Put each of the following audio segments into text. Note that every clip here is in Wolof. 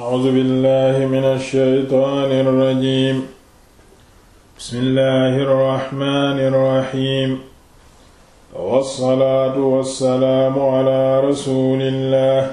أعوذ بالله من الشيطان الرجيم بسم الله الرحمن الرحيم والصلاة والسلام على رسول الله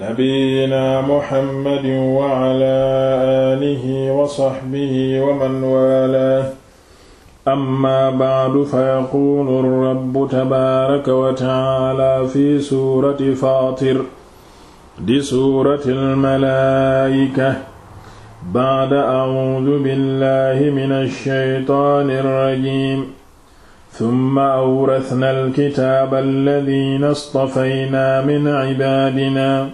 نبينا محمد وعلى آله وصحبه ومن والاه أما بعد فيقول الرب تبارك وتعالى في سورة فاطر di suuratil malaayika ba'da a'uudu billahi minash shaytaanir rajiim summa awrasnal kitaaba alladiina istafaynaa min cibaadinaa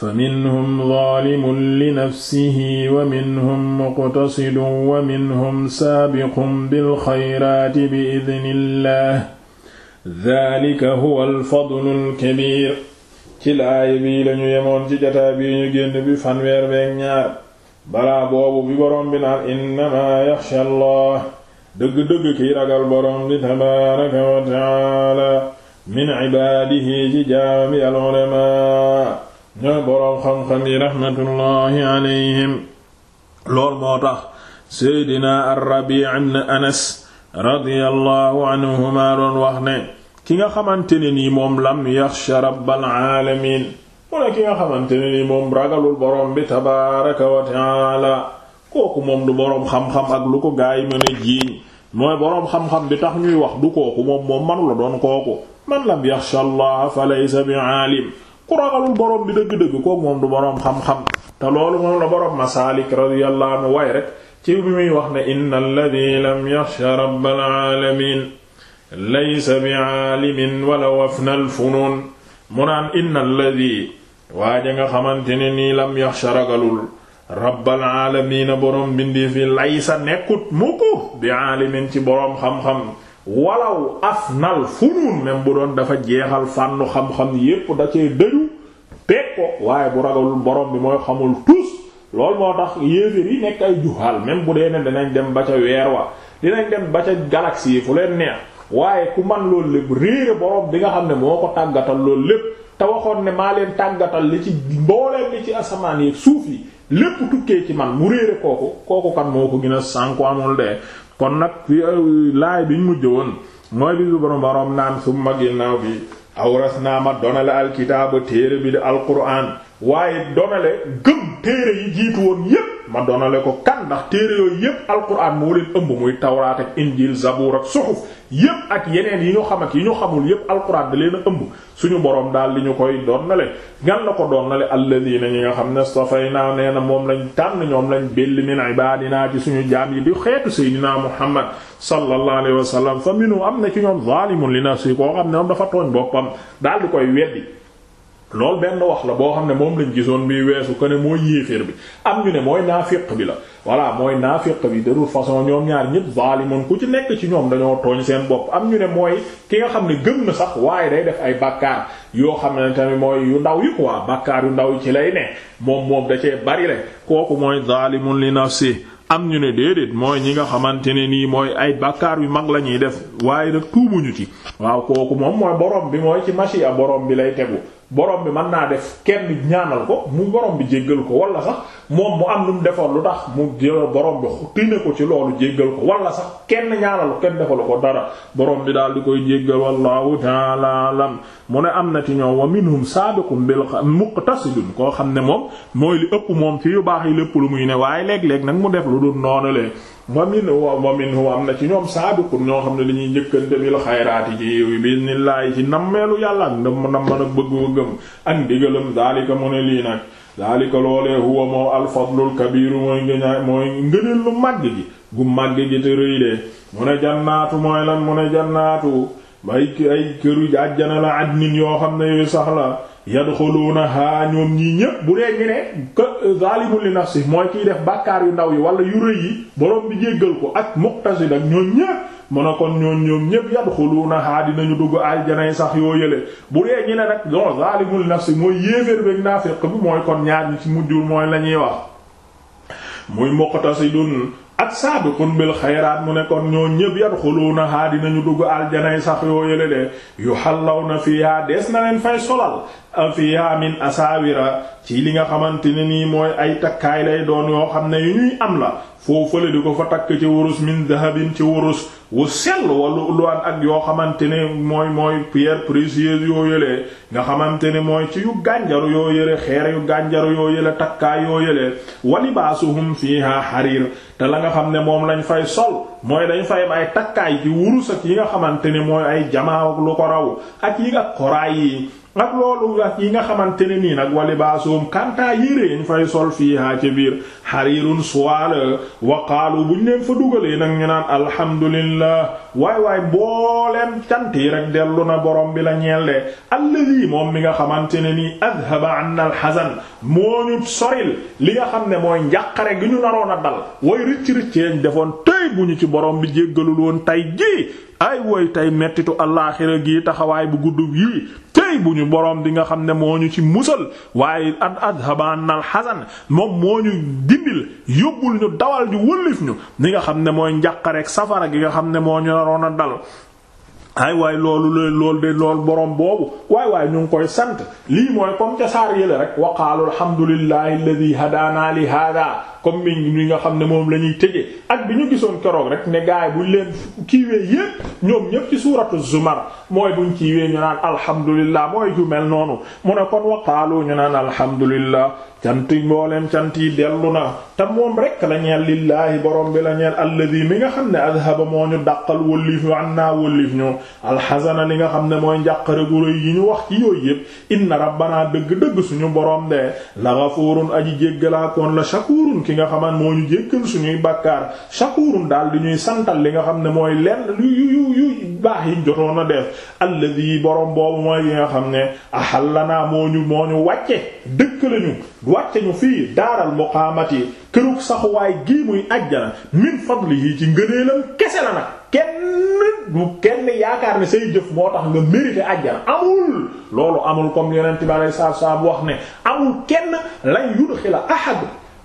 fa minhum zaalimun linafsihi wa minhum muqtasidun wa minhum saabiqun bilxayraati biidnillaah zaalika huwal fadlul kabiir ci laay bii lañu yemoon ci jataa bii ñu génn bi fanweer beek ñaar balaa boobu bi boroom bi naan innamaa yaxsha allah dëgg-dëgg kiy ragal boroom bi tabaaraka wa taala min ibaadihi ci jaami al ulamaa ñooy boroom xam-xam raxmatullaahi alayhim lool moo tax seydina ar-rabii ibn anas radiyallaahu anhumaa doon wax ne ki nga xamante ne nii moom lam yaxsha rabbal aalamiin mu ki nga xamante ne nii moom ragalul borom bi tabaaraka wa taala kooku moom du boroom xam-xam ak lu ko gaay mën a jiiñ mooy boroom xam-xam bi tax ñuy wax du kooku moom moom manu la doon kooku man lam yaxsha allah fa laysa bi aalim ku ragalul boroom bi dëgg-dëgg kooku moom du boroom xam-xam te loolu moom la boroom masaalik radiyallahu anhu way ci muy wax ne inna lam yaxsha rabbal aalamiin laysa bi aalimin wala wafna alfunuun mu naan inna alladi waaja nga xamante ne nii lam yaxsha ragalul rabbal aalamiina borom bindee fi laysa nekkut mukk bi aalimin ci boroom xam-xam walaw afnal funuun même bu doon dafa jeexal fànnu xam-xam yépp da cee dëju peeg ko waaye bu ragalul borom bi mooy xamul tus loolu moo tax yéeféer yi nekk ay juhaal même bu dee ne dinañ dem ba ca weer wa dinañ dem ba ca galaxie fu leen neex waaye ku man loolu lépp réere borom bi nga xam ne moo ko tàggatal loolu lépp te waxoon ne maa leen tàggatal li ci mbooleen li ci asamaan yi suuf yi lépp tukkee ci man mu réere kooku kooku kan moo ko gën a sànku amul de kon nag euh, laay biñ mujj woon mooy bi su borom borom naan summa ginnaaw bi awras naa ma donale alkitaaba téere bi di alquran waaye donale gëm téere yi jiitu woon yépp ma donale ko kan ndax téere yooyu yépp alquran moo leen ëmb muy tawraat ak injil zabuur ak suxuf yépp ak yeneen yi ñu xam ak yi ñu xamul yépp alquran da leen a ëmb suñu boroom daal li ñu koy donale ngan la ko donale alladina ñi nga xam ne stafayna nee na moom lañ tànn ñoom lañ belli min ibadina ci suñu jaam yi di xeetu seydina muhammad sallallahu alayhi wa sallam fa minu am na ci ñoom zalimun li nafsi xam ne dafa tooñ boppam daal di koy weddi loolu benn wax la boo xam ne moom lañ gisoon bi weesu ko ne mooy yéeféer bi am ñu ne mooy naafiq bi la voilà mooy naafiq bi de toute façon ñoom ñaar ñëpp zalimun ku ci nekk ci ñoom dañoo tooñ seen bopp am ñu ne mooy ki nga xam ne gëm na sax waaye day def ay bàkkaar yoo xam ne mooy yu ndaw yi quoi bàkkaar yu ndaw ci lay ne moom moom da bari le kooku mooy zalimun li nafsi am ñu ne déedéet mooy ñi nga xamante ne nii mooy ay bàkkaar yu mag la ñuy def waaye nag tuubuñu ci waaw kooku moom mooy borom bi mooy ci machi a borom bi lay tegu borom bi mën naa def kenn ñaanal ko mu borom bi jéggal ko wala sax moom mu am lu mu defoon lu tax mu jël borom bi tine ko ci loolu jéggal ko wala sax kenn ñaanal ko kenn defalu ko dara borom bi daal di koy jéggal wallahu ta'ala alam mu ne am na ci ñoom wa minhum sabiqun bil muqtasidun koo xam ne moom mooy li ëpp moom ci yu baax yi lépp lu muy ne waaye léeg-léeg nag mu def lu dul noonu leen wa min wa am na ci ñoom saabiqun ñoo xam ne dañuy ñuy njëkkante bil xayraati ci yiw yi bismillaahi ci yàlla ak nam nam man ak bëgg-bëggam ak ndigalam daalika mu ne lii nag daalika loolee huwa moo alfadlul kabiru mooy ngëñaa lu màgg gi gu màgg gi te rëy de mu ne jannaatu mooy lan mu ne jannaatu ay ay këru àjjana la adnin yoo xam ne yooyu sax la yadxuluunahaa ñoom ñii ñépp bu dee ñu ne que euh, zaalimun li si mooy kiy def bàkkaar yu ndaw yi wala yu rëy yi borom bi jéggal ko ak muqtasid ak ñoom ñépp mu ne kon ñoom ñoom ñépp yadxuluunahaa dinañu dugg aljanay sax yoo yële bu dee ñu ne nag non zaalimun li nafsi mooy yéeféer beeg mooy kon ñaar ñi ci mujjul mooy la ñuy wax muy muqtasidun ak saabiqun bil xayraat mu ne dinañu dugg aljanay sax yoo yële de yuhallawna fiihaa dees na leen fay solal a fiha min asawira ci li nga xamante ne nii mooy ay takkaay lay doon yoo xam ne yu ñuy am la foofale di ko fa takk ci wurus min dahabin ci wurus wu sell walu luwaan ak yoo xamante ne mooy mooy pierre précieuse yoo yëlee nga xamante ne mooy ci yu gànjaru yoo yële xeer yu gànjaru yoo yële takkaay yoo yëlee walibaasuhum fiha xariir te la nga xam ne moom lañ fay sol mooy dañ fay ay takkaay ci wurus ak yi nga xamante ne mooy ay jamaa lu ko raw ak yi nga ak loolu wax yi nga xamante ne nii nag wali baasuum kantaa yére ñu fay sol fii haa ca biir xariirun suwaala waqaalu buñ leen fa dugalee nag ñu naan alhamdulillah waay waay mbooleem cant yi rek dellu na borom bi la ñeel de alladi moom mi nga xamante ne nii adhaba anna alxasan moo li nga xam ne mooy njàqare gi ñu naroon a dal way defoon tey bu ñu ci borom bi jéggalul woon tey jii ay woy tey mettitu allaaxira gii taxawaay bu guddub yii tey bu borom di nga xam ne moo ñu ci musal waaye ad adhaba anna moom moo ñu dindil yóbbul ñu dawal ju wëllif ñu li nga xam ne mooy njàqareek safara gi nga xam ne moo ñu naroon a dal ay waay borom boobu waay waay ñu ngi lii mooy comme ca saar yële rek wa qaalu alhamdulillahi alladi hadaana li hada comme mi ñi nga xam ne moom lañuy ñuy tëjee ak bi ñu gisoon keroog rek ne gaay buñ leen kiiwee yépp ñoom ñépp ci suuratu zumar mooy buñ kiiwee ñu naan alhamdulillah mooy ju mel noonu mu ne kon wa qaalu ñu naan alhamdulillah cant yi mbooleem cant yi dellu na te moom rekk la ñeel lillaahi borom bi la ñeel alladi mi nga xam ne adhaba moo ñu dàqal wëllif ñu an naa wëllif ñu alxasana li nga xam ne mooy njàqare gu yi ñu wax ci yooyu yépp inna rabbanaa dëgg-dëgg suñu borom de la gafuurun aji jéggalaakoon la shakuurun ki nga xaman moo ñu jéggal suñuy bàkkaar shakuurun daal di ñuy santal li nga xam ne mooy lenn lu yu yu yu baax yiñ jotoon def alladi borom boobu mooy yi nga xam ne dëkkale ñu wàcce ñu fii daaral muqaamati kërug saxuwaay gii muy ajjana min fadlihi ci ngëneelam kese la nag kenn du kenn yaakaar ne say jëf moo tax nga mérité ajjana amul loolu amul comme yonent bi alayhi salaatu wa salaam wax ne amul kenn lan yudxila ahad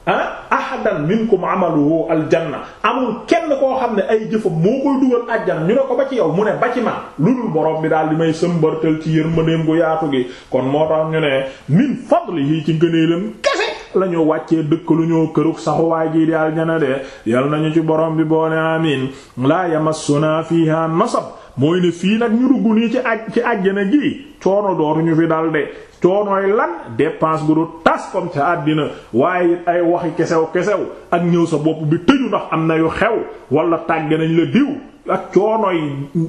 ah ahadan minkum amaluhu aljanna amul kenn koo xam ne ay jëfam moo koy dugal ajjana ñu ne ko ba ci yow mu ne ba ci ma lu dul borom bi daal di may sëmbartal ci yërmandeem gu yaatu gi kon moo tax ñu ne min fadlihi ci ngëneelam kese la wàccee dëkk lu ñoo kërug saxuwaay ji di aljana de yal nañu ci borom bi boone amin la yamassuna fiha nasab mooy ne fii nag ñu dugg nii ci aj ci ajjana gi coono dootuñu fi dal de coonooy lan dépense gu du tas comme ca àddina waaye it ay waxi kesew kesew ak ñëw sa bopp bi tëju ndax am na yu xew wala tàgg nañ la diw ak coonooy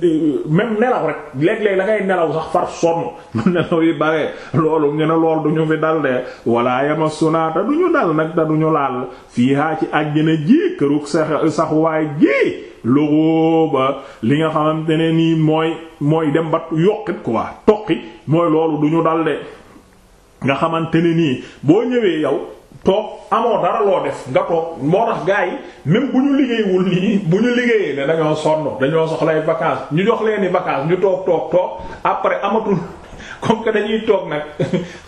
eh, même nelaw rek léeg-léeg da ngay nelaw sax far sonn nelaw yi bare loolu nge ne lool du ñu fi dal de wala yamassuna te du ñu dal nag te du ñu laal fiihaa ci àjjana ji kërug sax sax waay ji luxuuba li nga xamante ne nii mooy mooy dem ba yokkit quoi toqi mooy loolu du ñu dal de nga xamante ne nii boo ñëwee yow toog amoo dara loo def nga toog moo tax gars yi même bu ñu liggéeywul nii bu ñu liggéeyee ne dañoo sonn dañoo soxlay vacances ñu jox leen ni vacances ñu toog toog toog après amatul comme que dañuy toog nag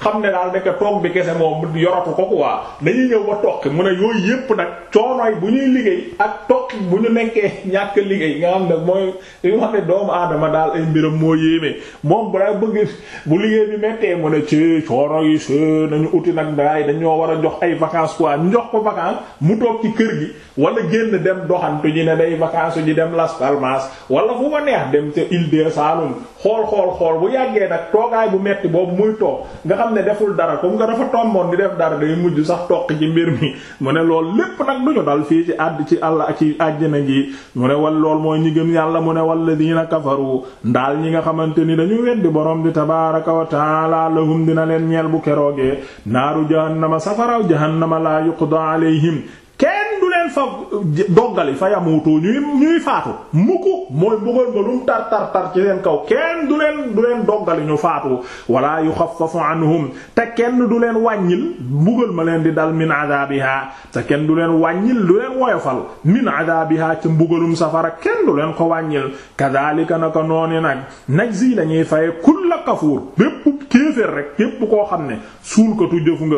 xam ne daal nekk toog bi kese moom yoratu ko quoi dañuy ñëw ba tokki mu ne yooyu yëpp nag coonooy bu ñuy liggéey ak tokki bu ñu nekkee ñàkk liggéey nga xam ne mooy li nga ne doomu aadama daal ay mbiram moo yéeme moom bu la bëgg bu liggéey bi mettee mu ne ci coono yi ci nañu uti nag daay dañoo war a jox ay vacances quoi ñu jox ko vacances mu toog ci kër gi wala génn dem doxantu ji ne day vacances ji dem Las Palmas wala fu ma neex dem ca Île de Saloum xool xool xool bu yàggee nag toogaay toogaay bu metti boobu muy toog nga xam ne deful dara comme nga dafa tomboon di def dara day mujj sax toq ci mbir mi mu ne lool lépp nag duñu dal fii ci àdd ci àll ci àjjana ji mu ne wal lool mooy ñi gëm yàlla mu ne wal la walladina kafaru ndaal ñi nga xamante ni dañu weddi borom di tabaraka wa taala lahum dina leen ñeel bu keroogee naaru jahannama safaraw jahannama la yuqda alayhim leen fa doggali fa yamuutoo ñuy ñuy faatu mukk mooy mbugal nga lum tar tar tar ci leen kaw kenn du leen du leen doggali ñu faatu wala yuxaffafu anhum te kenn du leen wàññil mbugal ma leen di dal min adabiha te kenn du leen wàññil du leen woyofal min adabiha ca mbugalum safara kenn du leen ko wàññil kadhalika naka nooni nag najzi lañuy faye kulla kafuur bépp kéeféer rek képp koo xam ne suul ko tu jëf nga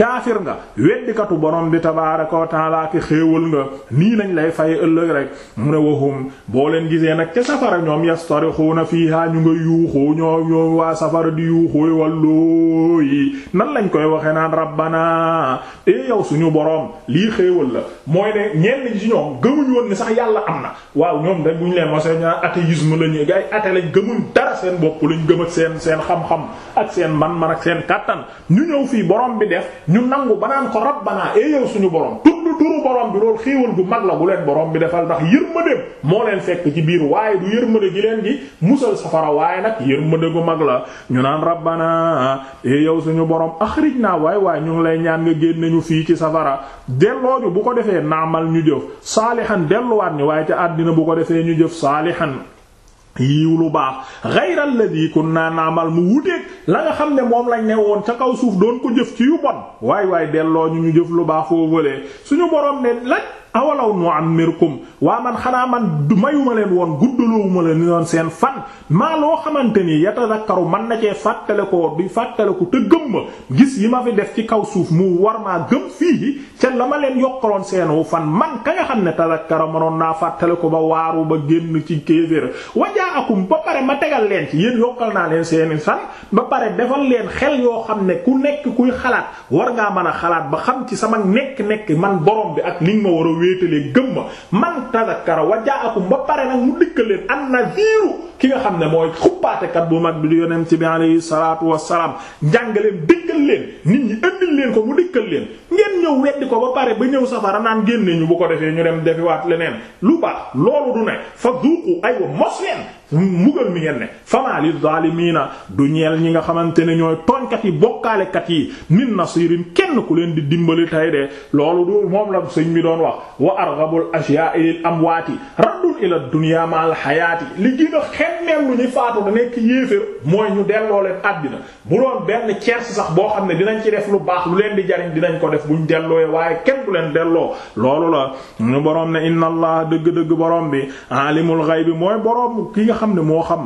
kaafir nga weddikatu borom bi tabaaraka wa taala ki xéewal nga nii lañ lay fay ëllëg rek mu ne waxum boo leen gisee nag ca safara ñoom yastarixuuna fiihaa ñu nga yuuxoo ñoo ñoom waa safara di yuuxooy walloo yi nan lañ koy waxe naan rabbana ee eh yow suñu borom lii xéewal la mooy ne ñenn ci ñoom gëmuñ woon ne sax yàlla am na waaw ñoom dañ buñ leen mose ñaa athéisme lañu ay athée lañ gëmuñ dara seen bopp lañ gëm ak seen seen xam-xam ak seen man-man ak seen kàttan ñu ñëw fii borom bi def ñu nangu banaan ko rabbana ee eh suñu borom tudd turu borom bi loolu xéewal gu mag la bu leen borom bi defal ndax yërmandeem moo leen fekk ci biir waaye du yërmande gi leen gi musal safara waaye nag yërmande gu mag la ñu naan rabbana ee eh yow suñu borom axrijna waay waaye ñu ngi lay ñaan nga génne ñu fii ci safara dellooñu bu ko defee naamal ñu jëf saalihan delluwaat ñu waaye ca àddina bu ko defee ñu jëf saalihan yiw la nga xam ne moom lañ ne ca kaw suuf doon ko jëf ci yu bon waay waay delloo ñu ñu jëf lu baax foo vëlee suñu borom ne lañ awalaw nu'ammirkum waa man xanaa man du mayuma leen woon guddaloowuma leen woon seen fan maa loo xamante ni yatadakkaru man na cee fàttale ko bi fàttale ko te gëm gis yi ma fi def ci kaw suuf mu war maa gëm fii ca la ma leen yokkaloon seenu fan man ka nga xam ne tadakkara manoon naa fàttale ko ba waaru ba génn ci kéeféra wajaakum ba pare ma tegal leen ci yéen yokkal naa leen seeni fan ba pare defal leen xel yoo xam ne ku nekk kuy xalaat war ngaa mën a xalaat ba xam ci sama nekk-nekk man borom bi ak li wéetalee gëm ma man tazakkara wa jaakum ba pare nag mu dikkal leen an-naziru ki nga xam ne mooy xuppaatekat bu mag bi di yonent bi alayhi salaatu wassalaam njàngaleen dikkal leen nit ñi ëndil leen ko mu dikkal leen ngeen ñëw weddi ko ba pare ba ñëw safara naan génne ñu bu ko defee ñu dem defiwaat leneen lu baax loolu du ne fa duuqu aywa mos leen mbugal mi ngeen ne fama li zaalimiina du ñeel ñi nga xamante ne ñooy tooñkat yi bokkaalekat yi min nasirin kenn ku leen di dimbali tay de loolu du moom la sëñ mi doon wax wa arghabul ashyaa'i lil amwaati raddun ila dunya ma'al hayaati li gën a xemmeem lu ñu faatu da nekk yéeféer mooy ñu delloo leen àddina bu doon benn tiers sax boo xam ne dinañ ci def lu baax lu leen di jariñ dinañ ko def bu buñ dellooye waaye kenn du leen delloo loolu la ñu boroom dëgg-dëgg bi alimul xam ne moo xam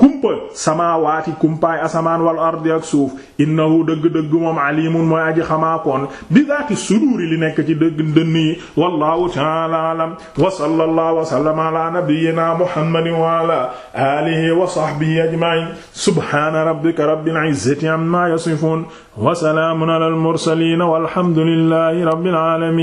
kumpa samaawaati kumpaay asamaan wal ardi ak suuf innahu dëgg-dëgg moom alimun mooy aji xamaakoon bi zaati suduuri li nekk ci dëgg dënn yi wallahu ta'ala alam wa sallallahu wa sallama ala nabiyyina muhammadin wa ala alihi wa sahbihi ajma'in subhana rabbika rabbil izzati amma yasifun wa salamun ala al mursalin walhamdulillahi rabbil alamin